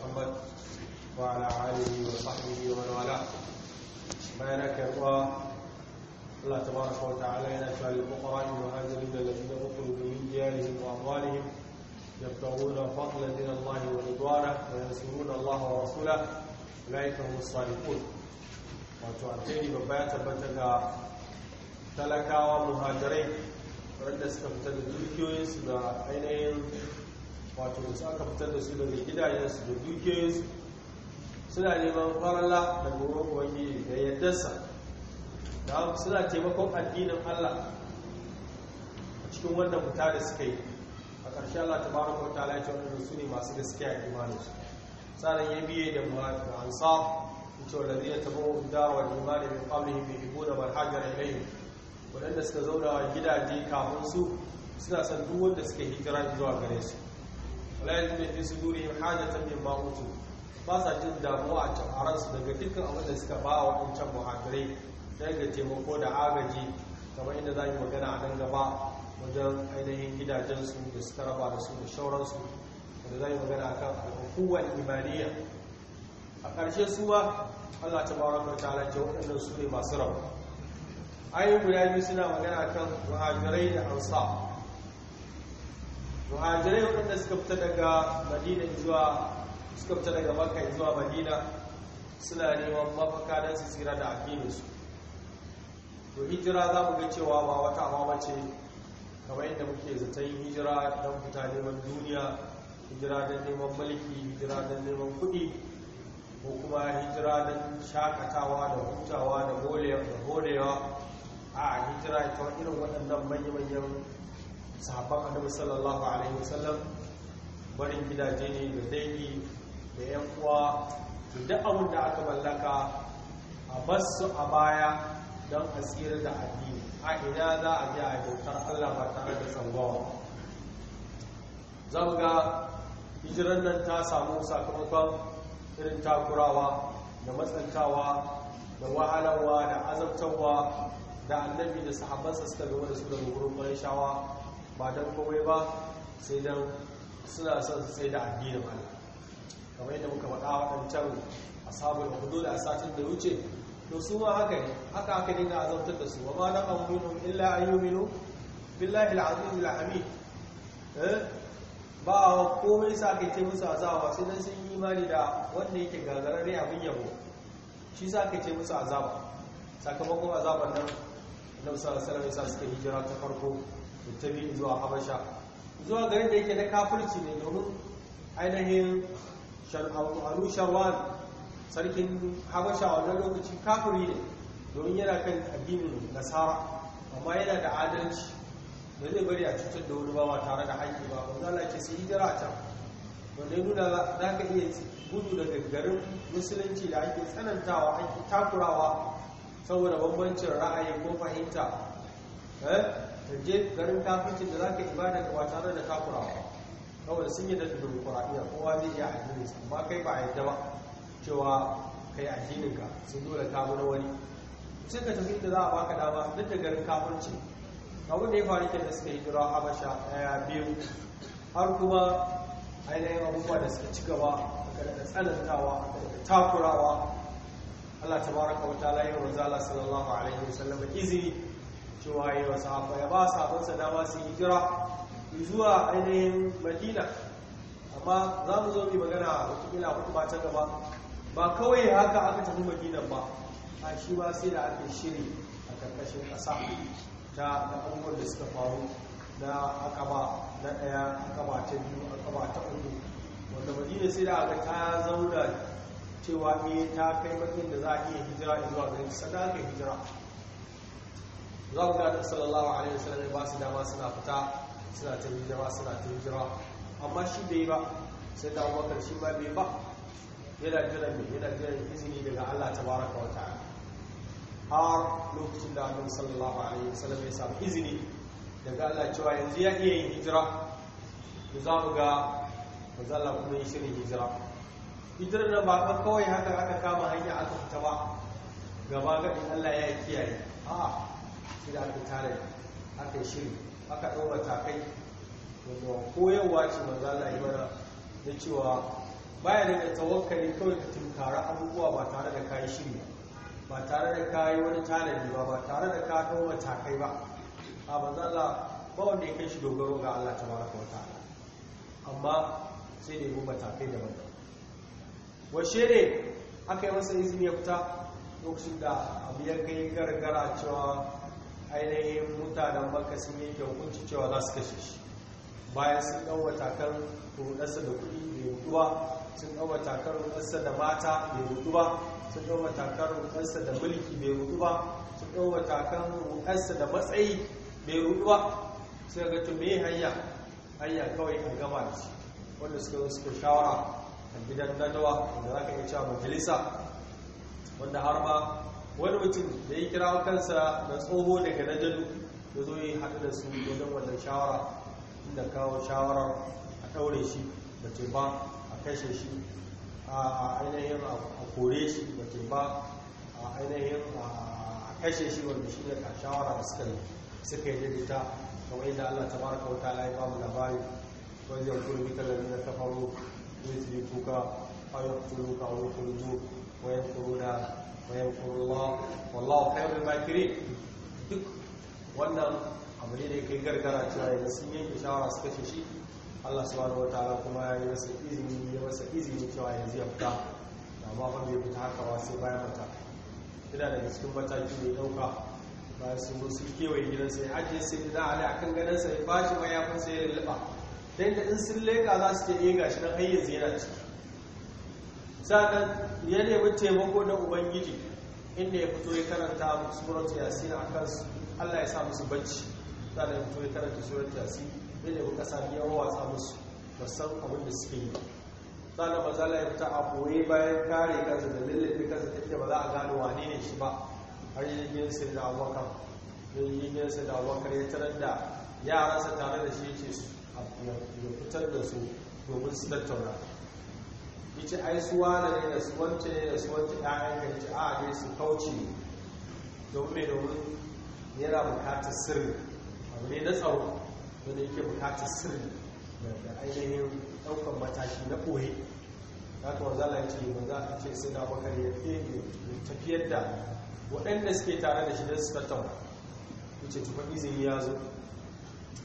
محمد وعلى آله وصحبه ومن والاه بارك الله الله تبارك وتعالى ينفع للفقراء المهاجرين الذين أخرجوا من ديارهم وأموالهم يبتغون فضلا من الله ورضوانه وينصرون الله ورسوله أولئك هم الصالحون wato alheri babba ya tabbata ga talakawa muhajirai wanda suka fita wato su aka fitar da su daga gidajensu da dukiyoyinsu suna neman farala da wurin ubangiji da yaddarsa da suna taimakon addinin allah a cikin wannan fita da suka yi a ƙarshe allah ta bara kwanta ala ce wannan su ne masu gaskiya a imaninsu tsarin ya biye da murat da ansar wuce wa lalzina ta bawa dawa da imani mai hibo da marhajar waɗanda suka zauna gidaje kafin su suna san duk wanda suka hijira zuwa gare su la yajiduna fi sudurihim hajatan mimma mutu, ba sa jin damuwa a ransu daga dukkan abin da suka ba wa wancan muhajirai daga taimako da agaji kamar inda za mu magana a nan gaba wajen ainihin gidajensu da suka raba da su da shauransu da za mu magana akan al'ukuwar imaniya a ƙarshe su ba Allah ta baraka ta ala waɗannan su ne masu rabu ayi guda biyu suna magana kan muhajirai da ansa muhajirai waɗanda suka fita daga madina zuwa suka fita daga makka zuwa madina suna neman mafaka don su tsira da su to hijira za mu ga cewa ba wata hawa ce kamar yadda muke zaton hijira don fita neman duniya hijira don neman mulki hijira don neman kuɗi ko kuma hijira don shakatawa da hutawa da golewa a hijira ta irin waɗannan manya-manyan sahabban annabi sallallahu alaihi wasallam barin gidaje ne da dangi da yan uwa da duk abin da aka mallaka a basu a baya don a tsira da addini a ina za a ji a bautar Allah ba tare da tsangawa za ga hijirar nan ta samu sakamakon irin takurawa da matsantawa da wahalarwa da azabtarwa da annabi da sahabbansa suka gaba da su daga wurin bayan shawa ba don komai ba sai don suna son su sai da addinin mana kamar yadda muka faɗa waɗancan ashabul hudu da satin da wuce to su ma haka ne haka aka dinga azabtar da su wa ma na amunu illa ayyuminu yi al-azim al-hamid eh? ba komai sa ka ce musu azaba sai dan sun yi imani da wanda yake ne abin yabo shi sa ka ce musu azaba sakamakon azaban nan na musamman sarari sa suka hijira ta farko tabi zuwa habasha zuwa garin da yake na kafirci ne domin ainihin alu sharwan sarkin habasha wannan lokaci kafiri ne domin yana kan addinin nasara amma yana da adalci da zai bari a cutar da wani bawa tare da haƙƙi ba wanda Allah ke sai hijira a can wanda ya nuna za ka iya gudu daga garin musulunci da ake tsanantawa ake takurawa saboda bambancin ra'ayi ko fahimta eh? ka je garin kafircin da za ka ibada ka ba tare da takurawa kawai sun yi da dimokuraɗiyya kowa zai iya addinin su, amma kai ba a yadda ba cewa kai addinin ka sun dole ta wani sai ka tafi da za a baka dama duk da garin kafirci abin da ya faru ke da suka hijira habasha ɗaya biyu har kuma ainihin abubuwa da suka ci gaba aka da tsanantawa a takurawa Allah tabaraka wa ta'ala ya Allah sallallahu alaihi wasallam izini cewa ya wa ya ba sahabansa dama su hijira zuwa ainihin madina amma za mu zo mai magana watakila hukuma ta gaba ba kawai haka aka tafi madina ba a shi ba sai da aka shiri a karkashin ƙasa ta da abubuwan da suka faru na ba na ɗaya ba ta biyu ba ta uku wanda madina sai da aka ta zauna cewa ne eh ta kai makin da za a iya hijira zuwa garin sadaka hijira za ku ga sallallahu alaihi wasallam ba su dama suna fita suna ta hijira suna ta hijira amma shi bai ba sai da abubakar shi ba bai ba yana jiran mai yana jiran izini daga allah ta baraka wa ta'ala har lokacin da annabi sallallahu alaihi wasallam ya samu izini daga allah cewa yanzu ya iya yin hijira da za mu ga manzo allah kuma ya shirin hijira hijirar nan ba kawai haka aka kama hanya aka fita ba gaba gaɗin allah ya kiyaye a'a shi da aka tare aka yi shiri aka ɗaura takai wanda koyarwa ce maza na yi mana na cewa baya da tawakkali kawai ka tunkara abubuwa ba tare da kayi shiri ba tare da kayi wani tanadi ba ba tare da ka ɗaura matakai ba a za Allah ba wanda ya kai shi dogaro ga Allah ta baraka wa ta'ala amma sai da yi matakai da daban washe ne aka yi masa izini ya fita lokacin da abu ya kai gargara cewa ainihin mutanen maka sun yi hukunci cewa za su kashe shi bayan sun ɗau matakan rudarsa da kuɗi mai hudu ba sun ɗau matakan rudarsa da mata mai hudu ba sun ɗau matakan rudarsa da mulki mai hudu ba sun ɗau matakan rudarsa da matsayi mai hudu ba sai ga to me hanya hanya kawai a gama da shi wanda suka yi suka shawara a gidan nadawa da za ka iya cewa majalisa wanda har ma wani mutum da ya kira kansa da tsoho daga najalu da zo yi haɗu da su wajen wannan shawara inda kawo shawarar a ɗaure shi da ce ba a kashe shi a ainihin a kore shi da ce ba a ainihin a kashe shi wanda shi da shawara da suka suka yi ta kamar yadda Allah ta baraka wa ta'ala ya ba mu labari wajen kurbi talabi na kafaru zai tuka ayyukan kawo wani kurudu wayan kuruna ويذكروا wallahu khairul duk wannan abu ne da ya kai gargara cewa yanzu sun yanke shawara suka ce shi Allah subhanahu wataala kuma ya yi masa izini ya masa izini cewa yanzu ya fita amma ba bai fita haka ba sai bayan mata yana daga cikin mataki mai dauka bayan sun zo sun kewaye gidan sai ajiye sai da ali akan gadon sai bashi mayafin sai ya lulluɓa dan da in sun leka za su ce eh gashi nan har yanzu yana ciki sannan ya nemi taimako na ubangiji inda ya fito ya karanta suratu yasin a kansu allah ya sa musu bacci sannan ya fito ya karanta suratu yasin ya nemi kasa ya wawatsa musu san abin da suke yi sannan mazala ya fita a koyi bayan kare kansa da lullube kansa take ba za a gano wane ne shi ba har yin sai da abokan yin sai da abokan ya tarar da yaransa tare da shi ya ce su ya fitar da su domin su tattauna ita ai suwa da ne da su wance ne da su ɗayan ka ita a ne su kauce domin mai domin yana bukatar sirri abu ne na tsaro wanda yake bukatar sirri da ainihin ɗaukar mataki na ɓoye za kuma zala ya ce za a ce sai da bakar ya tafiyar da waɗanda suke tare da shi da suka tauna wuce tufa izini ya zo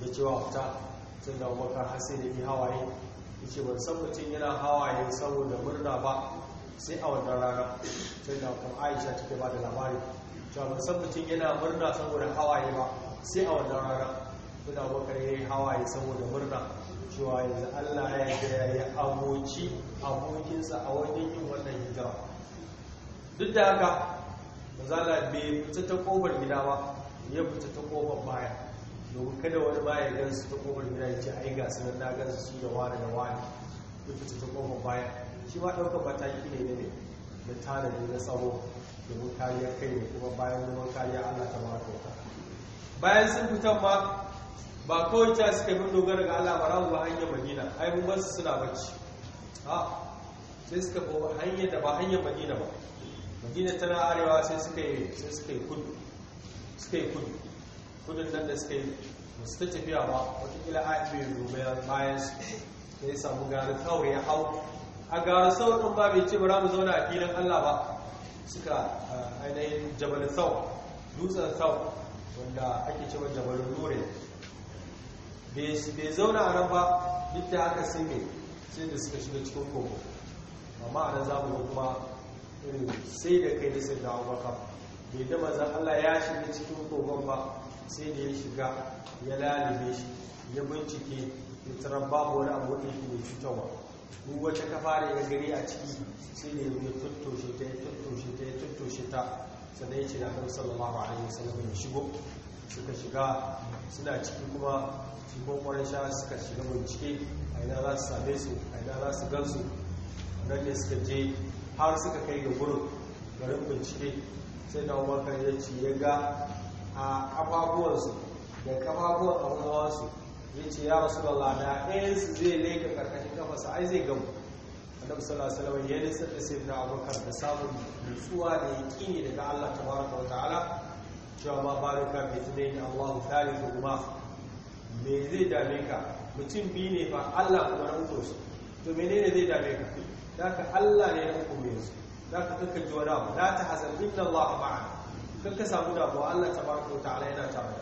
da cewa fita sun da bakar har sai da ke hawaye yace ban san mutum yana hawaye saboda murna ba sai a wannan rana sai da kuma Aisha take ba da labari cewa ban san mutum yana murna saboda hawaye ba sai a wannan rana sai da Abubakar yayi hawaye saboda murna cewa yanzu Allah ya yarda ya aboci abokinsa a wajen yin wannan hijira duk da haka manzala bai fita ta kofar gida ba ya fita ta kofar baya domin kada wani ma ya gansu ta komar gida ya ce ai ga su nan na gan su da wani da wani ya su ta kofar baya shi ma ɗaukar mataki ne ne da tanadi na tsaro domin kariya kai ne kuma bayan neman kariya allah ta ma kauta bayan sun fitan ma ba kawai ta suka bin dogara ga allah barawo ba hanyar madina ai mun basu suna bacci ha sai suka ba hanyar da ba hanyar madina ba madina tana arewa sai suka yi kudu suka yi kudu Kudin nan da suka yi su tafiya ba watakila a ce rubayar bayan su da ya samu gari kawai ya hau a gari sau ɗin ba bai ce ba mu zauna a filin allah ba suka ainihin jabalin sau dutsen sau wanda ake cewa jabal nure bai zauna a nan ba duk da haka sun ne sai da suka shiga cikin kogo amma a nan zamu kuma sai da kai da sai da abubakar bai da manzan allah ya shiga cikin kogon ba sai da ya shiga ya lalube shi ya bincike ya tarar babu wani abu da yake mai cutarwa duk wata kafa da ya gani a ciki sai da ya tuttoshe ta ya tuttoshe ta ya tuttoshe ta sannan ya ce da annabi sallallahu alaihi wasallam ya shigo suka shiga suna ciki kuma cikin kwarin sha suka shiga bincike a ina za su same su a ina za su gansu nan ne suka je har suka kai ga gurin garin bincike sai da umar kan ya ce ya ga a kafafuwansu da kafafuwan abubuwansu ya ce ya rasu Allah da su zai leka karkashin kafasa ai zai gamu A sallallahu alaihi wasallam ya nisar da sayyidina abubakar da samun nutsuwa da yaqini daga Allah tabaraka wa ta'ala cewa ma baraka bi tunaini Allahu thalithu ma me zai dame ka mutum biyu ne ba Allah kuma na To su to menene zai dame ka ka Allah ne na uku mai su zaka kaka na ba. abu la tahzan inna Allah ma'ana kan ka samu kuwa Allah ta ba ta ta'ala yana ta ba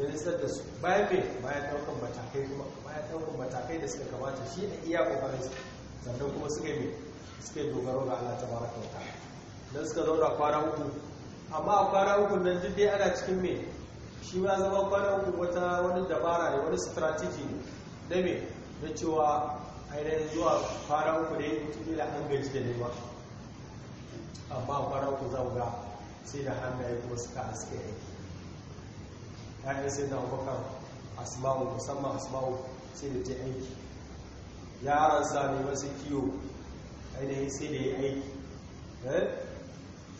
ya nisar da su bayan me bayan daukan matakai kuma bayan daukan matakai da suka kamata shi da iya kokarin su sannan kuma suka yi me suka dogaro ga Allah ta ba ko ta'ala dan suka zauna kwana uku amma a kwana uku nan duk dai ana cikin me shi ma zama kwana uku wata wani dabara ne wani strategy ne na me na cewa ainihin zuwa kwana uku ne mutum da an gaji da nema amma kwana uku za ga sai da hannaye kuma suka haske aiki ya'yan sai da abokan asma'u musamman asma'u sai da ta aiki yaran sami wasu kiyo ainihin sai da ya aiki eh?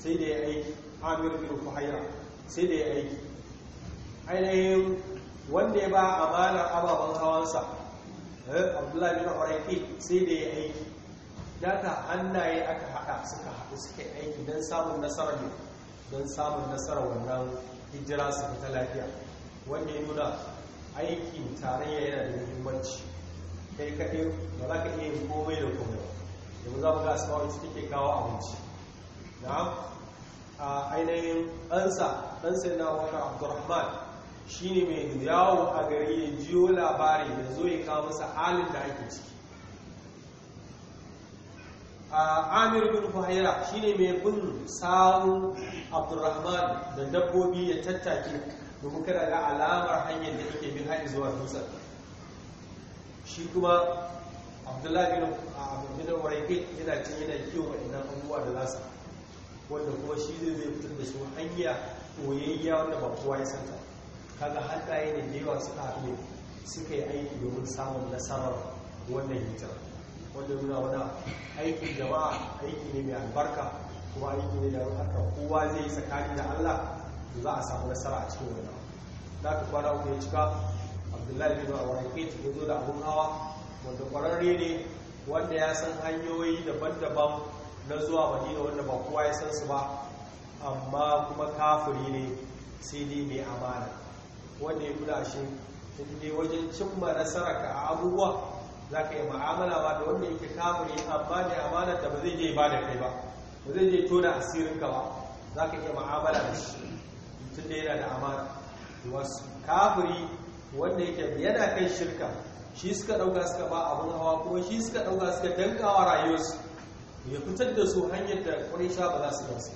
sai da ya aiki amir bin kuhaira sai da ya aiki ainihin wanda ya ba amanar ababen hawansa eh, abdullahi bin ƙwararki sai da ya aiki data hannaye aka haɗa suka haɗu suka aiki don samun nasarar ne don samun nasarar wannan hijira su fita lafiya wanda ya nuna aikin tarayya yana da muhimmanci kai kaɗai ba za ka iya yin komai da komai ba za mu ga asma su take kawo abinci na a ainihin ɗansa ɗansa na wata abdurrahman shine mai yawo a gari ya jiyo labari da zo ya kawo masa halin da ake ciki amir bin shi shine mai bin sawun Abdulrahman da dabbobi ya tattake da muka alamar hanyar da yake bin hanyar zuwa dusar. shi kuma abdullahi bin waraike yana cin yana kiwo ina abubuwa da lasa wanda kuma shi zai zai fitar da su hanya koyayya wanda ba kowa ya santa kaga hannaye ne da yawa suka haɗu suka yi aiki domin samun nasarar wannan hitar wanda nuna mana aikin jama'a aiki ne mai albarka kuma aiki ne da harkar kowa zai yi tsakani da allah da za a samu nasara a cikin wani za ka kwana uku ya cika abdullahi bin awaraket ya zo da abun hawa wanda kwararre ne wanda ya san hanyoyi daban-daban na zuwa madina wanda ba kowa ya san su ba amma kuma kafuri ne sai dai mai amana wanda ya kula shi inda wajen cimma nasara a abubuwa za ka yi ma'amala ba da wanda yake kafiri amma da amanar da ba zai je ba da kai ba ba zai je tona asirinka ba za ka iya ma'amala da shi tun da yana da amana wasu kafiri wanda yake yana kan shirka shi suka ɗauka suka ba abun hawa kuma shi suka ɗauka suka dankawa rayuwarsu ya fitar da su hanyar da ƙwarisha ba za su gansu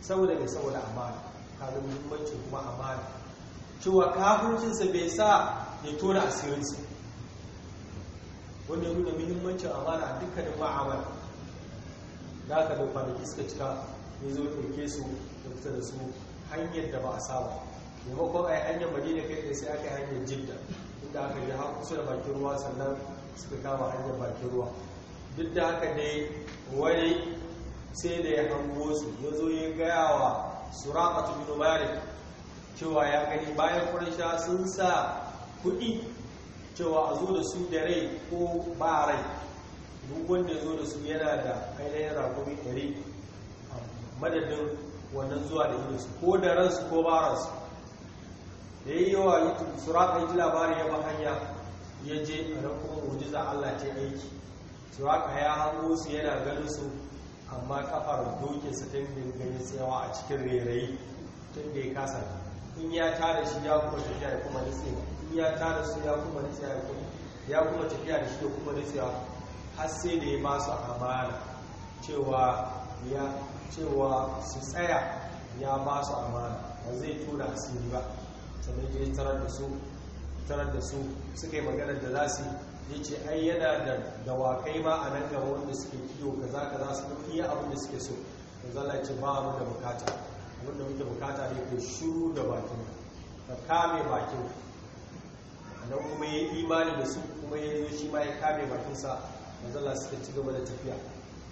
saboda mai saboda amana kaga muhimmancin kuma amana cewa kafircinsa bai sa ya tona asirinsa wanda nuna muhimmancin amana a dukkanin ma'amala da aka da kwanaki suka cika ya zo ɗauke su da fita da su hanyar da ba a saba maimakon a yi hanyar madina kai da sai aka yi hanyar jidda inda aka yi haku kusa da bakin ruwa sannan suka kama hanyar bakin ruwa duk da haka dai wani sai da ya hango su ya zo ya gaya wa suraka bin cewa ya gani bayan kwanisha sun sa kuɗi cewa a zo da su da rai ko ba rai duk wanda ya zo da su yana da ainihin rakumi ɗari madadin wannan zuwa da yi ko da ransu ko ba ransu da yi yawa yi suraka yi labarin ya ba hanya ya je a nan kuma mujiza allah ta aiki suraka ya hango su yana ganin su amma kafar doke su ta yi gani tsayawa a cikin rairayi tun da ya kasa in ya tara shi ya kuma tafiya ya kuma nitsewa ya tara su ya kuma nitsa ya kuma ya kuma tafiya da shi da kuma nitsa har sai da ya ba su amana cewa ya cewa su tsaya ya ba su amana ba zai tura asiri ba sannan ya tarar da su tarar da su suka yi maganar da za su ya ce ai yana da dawakai ma a nan gaba wanda suke kiyo kaza kaza su iya abin da suke so da zala ce ba abin da bukata abin da muke bukata ne kai shuru da bakin ka kame bakin nan kuma ya yi imani da su kuma ya zo shi ma ya kame bakinsa manzala suka ci gaba da tafiya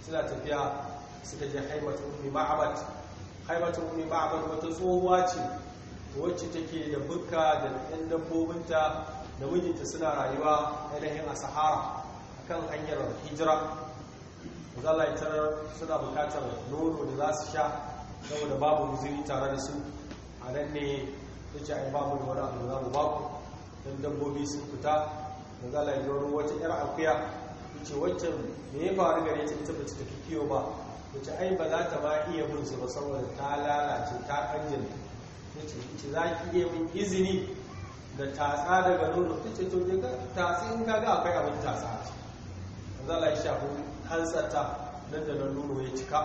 suna tafiya suka je haimatun ummi ma'abat haimatun ummi ma'abat wata tsohuwa ce wacce take da bukka da ɗan dabbobinta da mijinta suna rayuwa ainihin a sahara akan hanyar hijira manzala ya suna bukatar nono da za su sha saboda babu muziri tare da su a nan ne ta ce yi babu da wani abu da za mu baku don dabbobi sun fita da za a yi wani wata yar akuya wuce waccan me ya faru gare ta ita ba ta kiyo ba Wuce ai ba za ta ba iya bin su ba saboda ta lalace ta kanjin yace ce za ki iya min izini da tatsa daga nono ta ce to je ka tatsa in kaga akwai abin tatsa a ciki manzo Allah ya shafi nan da nan nono ya cika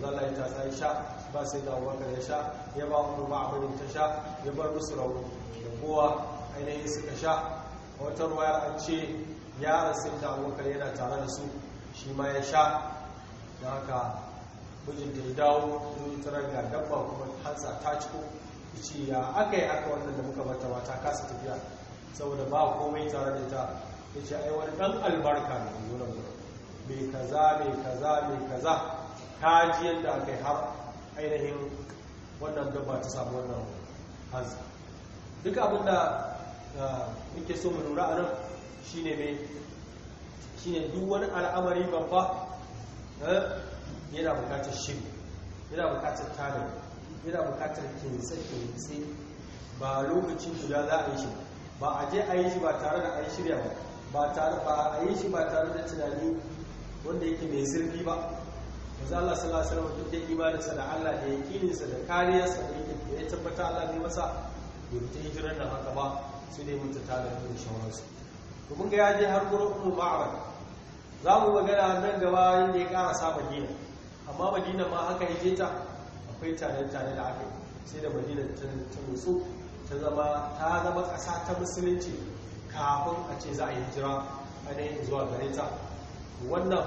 za a ya tatsa ya sha ba sai da Abubakar ya sha ya ba kuma ba abin ta sha ya bar musu rauni da kowa ainihin suka sha wata ruwa an ce ya rasin da abokan yana tare da su shi ma ya sha da haka da ya dawo sun tara ga dabba kuma hansa ta ciko ce ya aka yi aka wannan da muka bata ba kasa tafiya saboda ba komai tare da ta ya ce ai wani dan albarka ne nuna mu mai kaza mai kaza mai kaza ta ji yadda aka yi har ainihin wannan dabba ta samu wannan hansa duk abinda muke so mu lura a nan shine mai shine duk wani al'amari babba eh, yana bukatar shiri yana bukatar tare yana bukatar kinsa-kinsa ba lokacin guda za a yi shi ba a je a yi shi ba tare da an shirya ba ba a yi shi ba tare da tunani wanda yake mai zurfi ba maza Allah sallallahu alaihi wasallam duk da imaninsa da Allah da yakininsa da kariyarsa da yake ya tabbata Allah ne masa yau ta hijirar da haka ba sai dai mutu ta da kuma shawararsu to mun ga ya je har gurin umu ma'abar za mu magana nan gaba yadda ya sa madina amma madina ma haka ya ta akwai tare-tare da aka yi sai da madina ta nutsu ta zama ta zama ƙasa ta musulunci kafin a ce za a yi jira ainihin zuwa gare ta wannan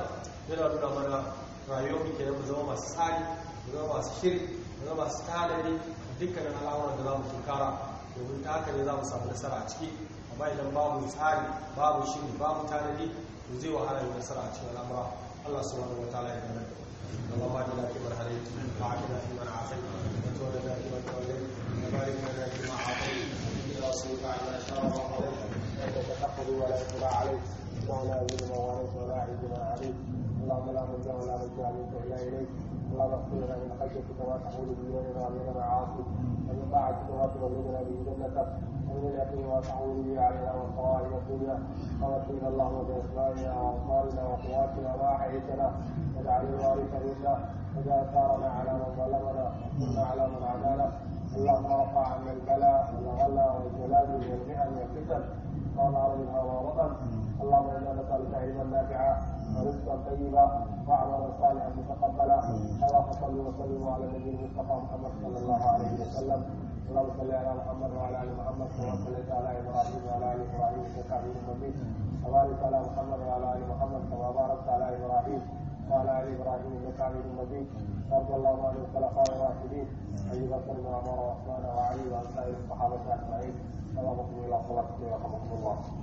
yana nuna mana rayuwar muke na mu zama masu tsari mu zama masu shiri mu zama masu tanadi dukkanin al'amuran da za mu kara. domin ta haka ne za mu samu nasara a ciki amma idan babu tsari babu shiri babu tanadi to zai wahala yi nasara a cikin al'amura Allah subhanahu wataala ya gane اللهم اجعلنا فيمن هديت وعافنا فيمن عافيت وتولنا فيمن توليت وبارك لنا فيما اعطيت الى رسولك عما شاء الله قضيت انت تقضي ولا يقضى عليك ولا يذل ما واليت ولا عز ما عليك اللهم لا ملجا ولا ملجا منك الا اليك قال اغفر لنا من خشيتك ما تحول به بيننا وبين معاصيك ومن طاعتك به جنتك ومن اليقين ما تحول به الدنيا ومكن اللهم باسمائنا وابصارنا وقواتنا ما احييتنا واجعل الوارث منا واجعل ثارنا على من ظلمنا ثم على من عدانا اللهم وقع عنا البلاء وجلاله والجلال والمحن والفتن ما ظهر منها ما اللهم انا نسالك علما نافعا ورزقا طيبا وعملا صالحا متقبلا اللهم صل وسلم على النبي المصطفى محمد صلى الله عليه وسلم اللهم صل على محمد وعلى ال محمد كما صليت على ابراهيم وعلى ال ابراهيم انك حميد مجيد وبارك على محمد وعلى ال محمد كما باركت على ابراهيم قال علي ابراهيم انك حميد مجيد رضي الله عنه الخلفاء الراشدين ابي بكر وعمر وعثمان وعلي وعن الصحابه اجمعين سلامكم الى صلاتكم ورحمكم الله